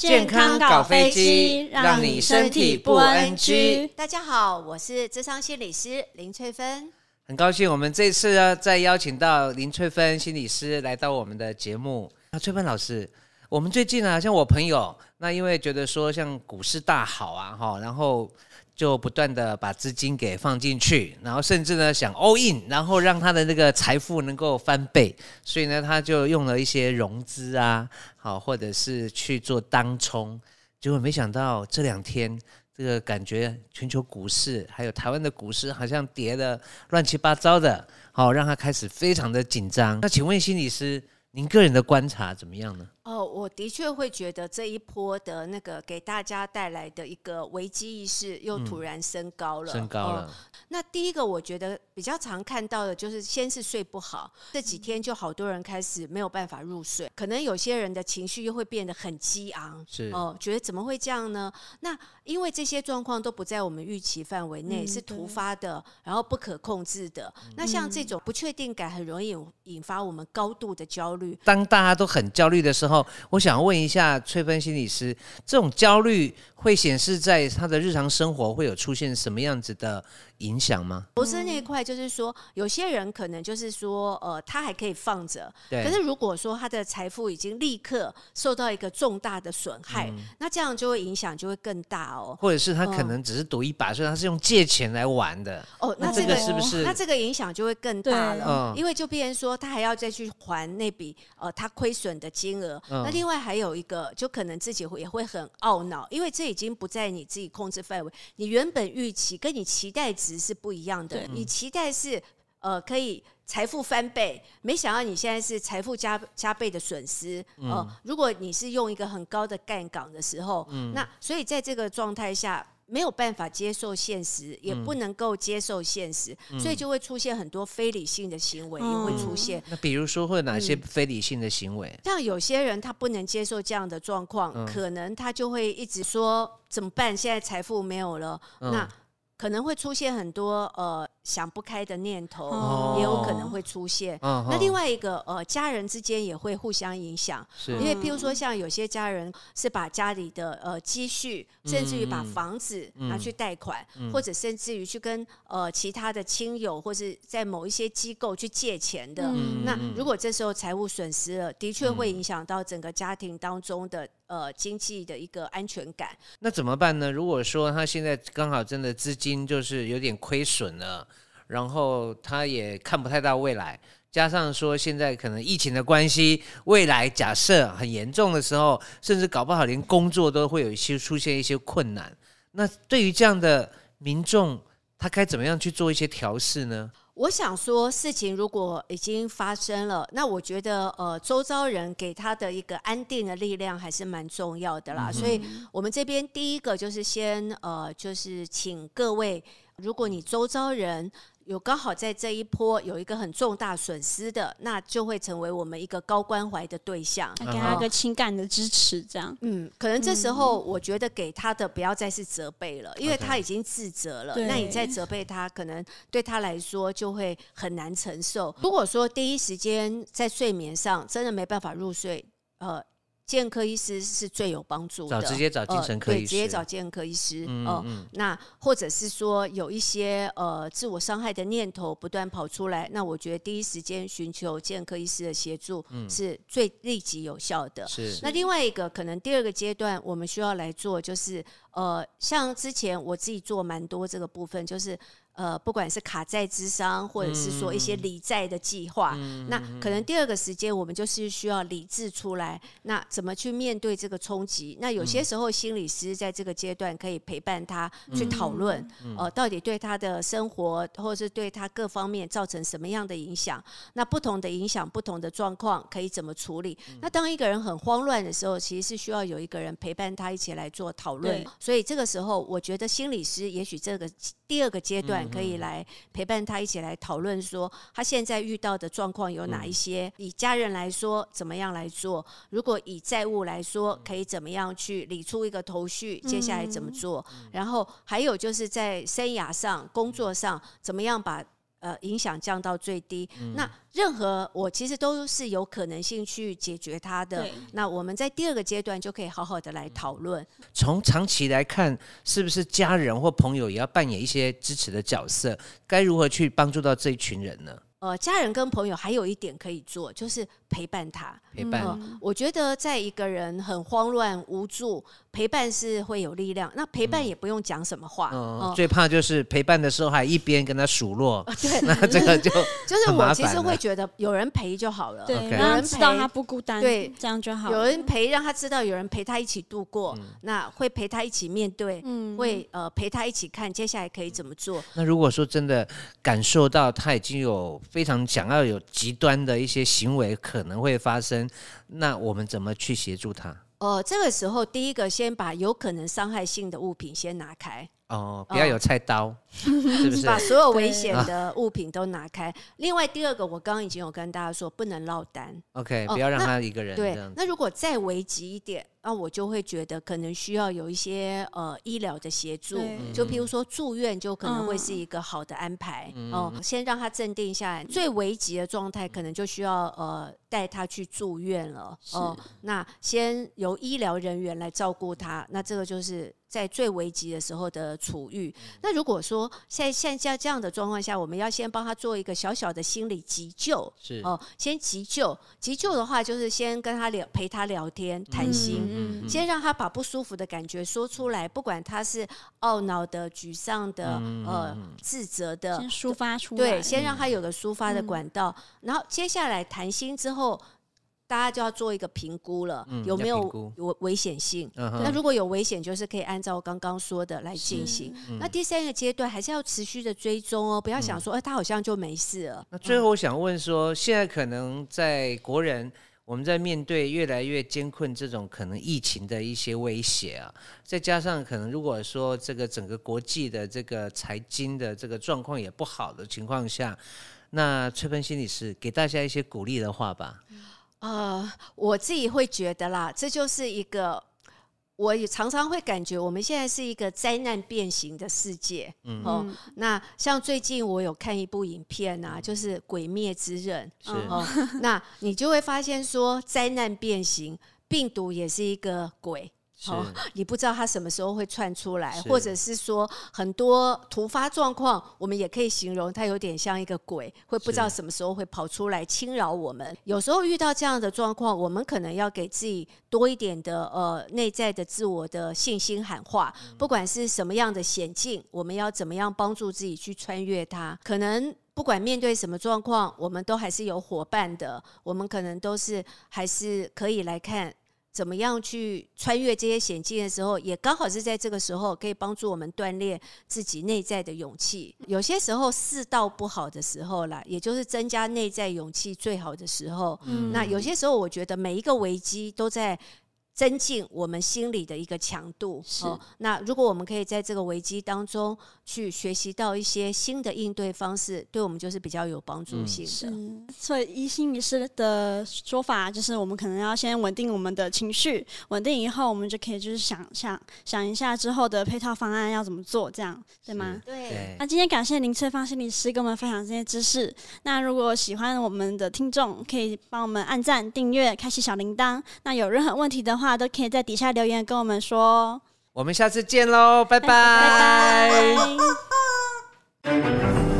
健康搞飛機，讓你身體不 NG。大家好，我是諮商心理師林萃芬，很高興我們這次呢，再邀請到林萃芬心理師來到我們的節目啊，萃芬老師，我們最近啊，像我朋友，那因為覺得說像股市大好啊哈，然後。就不斷的把資金給放進去，然後甚至呢想 all in，然後讓他的那個財富能夠翻倍，所以呢他就用了一些融資啊，好，或者是去做當沖，結果沒想到這兩天這個感覺全球股市還有台灣的股市好像跌的亂七八糟的，好，讓他開始非常的緊張。那請問心理師，您個人的觀察怎麼樣呢？哦，我的確會覺得這一波的那個給大家帶來的一個危機意識又突然升高了。嗯、升高了、呃。那第一個，我覺得比較常看到的就是先是睡不好，這幾天就好多人開始沒有辦法入睡，嗯、可能有些人的情緒又會變得很激昂，是哦、呃，覺得怎麼會這樣呢？那因為這些狀況都不在我們預期範圍內，嗯、是突發的，嗯、然後不可控制的。嗯、那像這種不確定感，很容易引發我們高度的焦慮。當大家都很焦慮的時候。我想問一下，萃芬心理師，這種焦慮會顯示在他的日常生活，會有出現什麼樣子的影響嗎？不、嗯、是那一塊就是說，有些人可能就是說，呃，他還可以放着。對。可是如果說他的財富已經立刻受到一個重大的損害，嗯、那這樣就會影響，就會更大哦。或者是他可能只是賭一把，嗯、所以他是用借錢來玩的。哦，那，這個、那這個是不是？哦、那這個影響就會更大了，嗯、因為就變成說他還要再去還那筆呃，他虧損的金額。嗯、那另外還有一個，就可能自己也會很懊惱，因為這已經不在你自己控制範圍。你原本預期跟你期待值是不一樣的，對你期待是呃可以財富翻倍，沒想到你現在是財富加加倍的損失。呃嗯、如果你是用一個很高的槓桿的時候，嗯、那所以在這個狀態下。沒有辦法接受現實，也不能夠接受現實，嗯、所以就會出現很多非理性的行為也會出現。嗯、那比如說會有哪些非理性的行為？嗯、像有些人他不能接受這樣的狀況，嗯、可能他就會一直說怎麼辦？現在財富沒有了，嗯、那可能會出現很多呃。想不開的念頭也有可能會出現。哦、那另外一個呃，家人之間也會互相影響，是因為譬如說，像有些家人是把家裡的呃積蓄，甚至於把房子拿去貸款，嗯嗯嗯、或者甚至於去跟呃其他的親友，或是在某一些機構去借錢的。嗯、那如果這時候財務損失了，的確會影響到整個家庭當中的呃經濟的一個安全感。那怎麼辦呢？如果說他現在剛好真的資金就是有點虧損了。然後他也看不太到未來，加上說現在可能疫情的關係，未來假設很嚴重的時候，甚至搞不好連工作都會有一些出現一些困難。那對於這樣的民眾，他該怎麼樣去做一些調適呢？我想說，事情如果已經發生了，那我覺得呃，周遭人給他的一個安定的力量還是蠻重要的啦。嗯、所以，我們這邊第一個就是先呃，就是請各位，如果你周遭人，有剛好在這一波有一個很重大損失的，那就會成為我們一個高關懷的對象，嗯、給他一個情感的支持，這樣。嗯，嗯、可能這時候我覺得給他的不要再是責備了，因為他已經自責了，Okay 那你再責備他，可能對他來說就會很難承受。如果說第一時間在睡眠上真的沒辦法入睡，呃。健科醫師是最有幫助的，找直接找精神科醫師、呃、對，直接找健科醫師。哦、嗯嗯、呃，那或者是說有一些呃自我傷害的念頭不斷跑出來，那我覺得第一時間尋求健科醫師的協助是最立即有效的。嗯、是。那另外一個可能第二個階段我們需要來做，就是呃，像之前我自己做蠻多這個部分，就是。呃，不管是卡債諮商，或者是說一些理債的計劃，嗯嗯、那可能第二個時間我們就是需要理智出來，那怎麼去面對這個衝擊？那有些時候心理師在這個階段可以陪伴他去討論，嗯嗯嗯嗯、呃，到底對他的生活或者是對他各方面造成什麼樣的影響？那不同的影響、不同的狀況可以怎麼處理？那當一個人很慌亂的時候，其實是需要有一個人陪伴他一起來做討論。對所以這個時候，我覺得心理師也許這個第二個階段、嗯。可以來陪伴他一起來討論，說他現在遇到的狀況有哪一些？以家人來說，怎麼樣來做？如果以債務來說，可以怎麼樣去理出一個頭緒？接下來怎麼做？然後還有就是在生涯上、工作上，怎麼樣把呃，影響降到最低。嗯、那任何我其實都是有可能性去解決它的。對那我們在第二個階段就可以好好的來討論。從長期來看，是不是家人或朋友也要扮演一些支持的角色？該如何去幫助到這一群人呢？呃，家人跟朋友還有一點可以做，就是。陪伴他，陪伴。我覺得在一個人很慌亂無助，陪伴是會有力量。那陪伴也不用講什麼話，最怕就是陪伴的時候還一邊跟他數落。對，那這個就就是我其實會覺得有人陪就好了，對，有人陪，知道他不孤單，對，這樣就好。有人陪，讓他知道有人陪他一起度過，那會陪他一起面對，嗯，會呃陪他一起看接下來可以怎麼做。那如果說真的感受到他已經有非常想要有極端的一些行為可。可能會發生，那我們怎麼去協助他？哦，這個時候第一個先把有可能傷害性的物品先拿開哦，不要有菜刀。哦是是把所有危險的物品都拿開。啊、另外，第二個我剛剛已經有跟大家說，不能落單。OK，、呃、不要讓他一個人。對，那如果再危急一點，那、啊、我就會覺得可能需要有一些呃醫療的協助。就譬如說住院，就可能會是一個好的安排。哦、嗯呃，先讓他鎮定下來。最危急的狀態，可能就需要呃帶他去住院了。哦、呃呃，那先由醫療人員來照顧他。那這個就是。在最危急的時候的處遇。那如果說在現在像這樣的狀況下，我們要先幫他做一個小小的心理急救，是哦、呃，先急救。急救的話，就是先跟他聊，陪他聊天、談心，嗯嗯嗯嗯、先讓他把不舒服的感覺說出來，不管他是懊惱的、沮喪的、呃自責的，先抒發出來。對，嗯、先讓他有個抒發的管道。嗯、然後接下來談心之後。大家就要做一個評估了，嗯、有沒有，有危險性？嗯、哼那如果有危險，就是可以按照我剛剛說的來進行。嗯、那第三個階段還是要持續的追蹤哦，不要想說，哎、嗯，他好像就沒事了。那最後我想問說，嗯、現在可能在國人，我們在面對越來越艱困這種可能疫情的一些威脅啊，再加上可能如果說這個整個國際的這個財經的這個狀況也不好的情況下，那萃芬心理師給大家一些鼓勵的話吧。呃，我自己會覺得啦，這就是一個，我也常常會感覺我們現在是一個災難變形的世界，嗯、哦。那像最近我有看一部影片啊，嗯、就是《鬼滅之刃》，是哦。那你就會發現說，災難變形病毒也是一個鬼。好，oh, 是你不知道他什麼時候會竄出來，是或者是說很多突發狀況，我們也可以形容它有點像一個鬼，會不知道什麼時候會跑出來侵擾我們。是有時候遇到這樣的狀況，我們可能要給自己多一點的呃內在的自我的信心喊話。嗯、不管是什麼樣的險境，我們要怎麼樣幫助自己去穿越它？可能不管面對什麼狀況，我們都還是有夥伴的。我們可能都是還是可以來看。怎麼樣去穿越這些險境的時候，也剛好是在這個時候可以幫助我們鍛鍊自己內在的勇氣。有些時候世道不好的時候啦，也就是增加內在勇氣最好的時候。嗯，那有些時候我覺得每一個危機都在。增進我們心理的一個強度。好是、哦，那如果我們可以在這個危機當中去學習到一些新的應對方式，對我們就是比較有幫助性的。嗯、所以，心一師的說法就是，我們可能要先穩定我們的情緒，穩定以後，我們就可以就是想想想一下之後的配套方案要怎麼做，這樣對嗎？對。對，那今天感謝林側方心理師跟我們分享這些知識。那如果喜歡我們的聽眾，可以幫我們按讚、訂閱、開啟小鈴鐺。那有任何問題的話，話都可以在底下留言跟我們說，我們下次見嘍，拜拜。拜拜